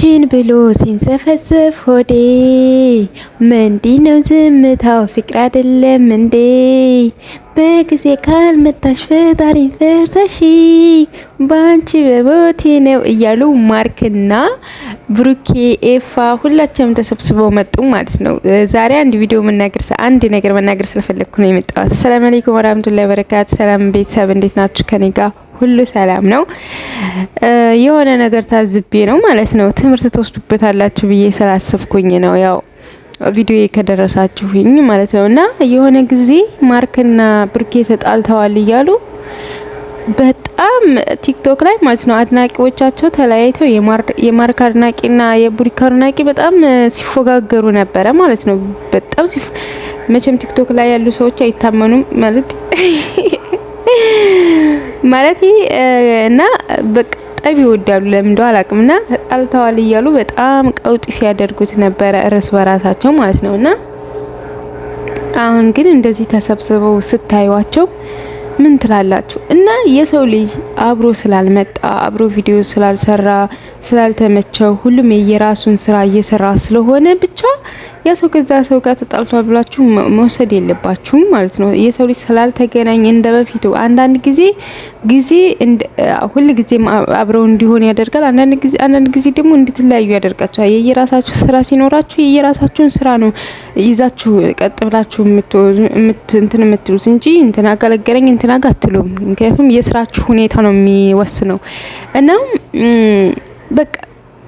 አንቺን ብሎ ሲንሰፈስፍ ሆዴ ምንድ ነው ዝምታው? ፍቅር አይደለም እንዴ? በጊዜ ካልመጣሽ ፈጣሪን ፈርተሺ ባንቺ በቦቴ ነው እያሉ ማርክና ብሩኬ ኤፋ ሁላቸውም ተሰብስበው መጡ ማለት ነው። ዛሬ አንድ ቪዲዮ መናገር አንድ ነገር መናገር ስለፈለግኩ ነው የመጣሁት። ሰላም አለይኩም ወራህመቱላሂ ወበረካቱ። ሰላም ቤተሰብ እንዴት ናችሁ? ከኔ ጋር ሁሉ ሰላም ነው። የሆነ ነገር ታዝቤ ነው ማለት ነው። ትምህርት ትወስዱበታላችሁ ብዬ ስላሰብኩኝ ነው ያው ቪዲዮ ከደረሳችሁኝ ማለት ነው። እና የሆነ ጊዜ ማርክና ብርኬ ተጣልተዋል እያሉ በጣም ቲክቶክ ላይ ማለት ነው አድናቂዎቻቸው ተለያይተው የማርክ አድናቂና የቡሪክ አድናቂ በጣም ሲፎጋገሩ ነበረ ማለት ነው። በጣም መቼም ቲክቶክ ላይ ያሉ ሰዎች አይታመኑም ማለት ማለት እና በቃ ጠብ ይወዳሉ። ለምን አላቅም ና ተጣልተዋል እያሉ በጣም ቀውጢ ሲያደርጉት ነበረ እርስ በራሳቸው ማለት ነው። እና አሁን ግን እንደዚህ ተሰብስበው ስታዩዋቸው ምን ትላላችሁ? እና የሰው ልጅ አብሮ ስላልመጣ አብሮ ቪዲዮ ስላልሰራ ስላልተመቸው ሁሉም የየራሱን ስራ እየሰራ ስለሆነ ብቻ ያ ሰው ከዛ ሰው ጋር ተጣልቷል ብላችሁ መውሰድ የለባችሁም ማለት ነው። የሰው ልጅ ስላልተገናኝ እንደ በፊቱ አንዳንድ ጊዜ ጊዜ ሁል ጊዜም አብረው እንዲሆን ያደርጋል። አንዳንድ ጊዜ ደግሞ እንድትለያዩ ያደርጋቸዋል። የየራሳችሁ ስራ ሲኖራችሁ የየራሳችሁን ስራ ነው ይዛችሁ ቀጥ ብላችሁ እንትን የምትሉት እንጂ እንትና ገለገለኝ እንትና ጋ አትሉም። ምክንያቱም የስራችሁ ሁኔታ ነው የሚወስነው እና በቃ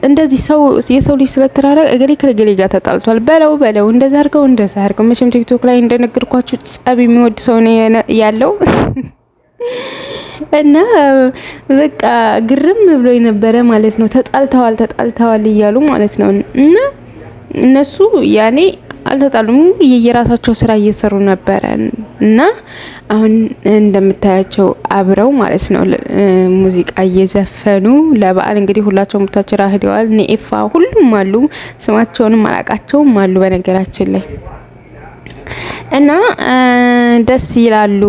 እንደዚህ ሰው የሰው ልጅ ስለተራረ እገሌ ከገሌ ጋር ተጣልቷል በለው በለው እንደዛ አድርገው እንደዛ አድርገው። መቼም ቲክቶክ ላይ እንደነገርኳችሁ ጸብ የሚወድ ሰው ነው ያለው እና በቃ ግርም ብሎ የነበረ ማለት ነው። ተጣልተዋል ተጣልተዋል እያሉ ማለት ነው እና እነሱ ያኔ አልተጣሉም። የየራሳቸው ስራ እየሰሩ ነበረ እና አሁን እንደምታያቸው አብረው ማለት ነው ሙዚቃ እየዘፈኑ ለበዓል እንግዲህ ሁላቸውም ሙታችራ ሂደዋል። ኔኤፋ ሁሉም አሉ፣ ስማቸውንም አላቃቸውም አሉ በነገራችን ላይ እና ደስ ይላሉ።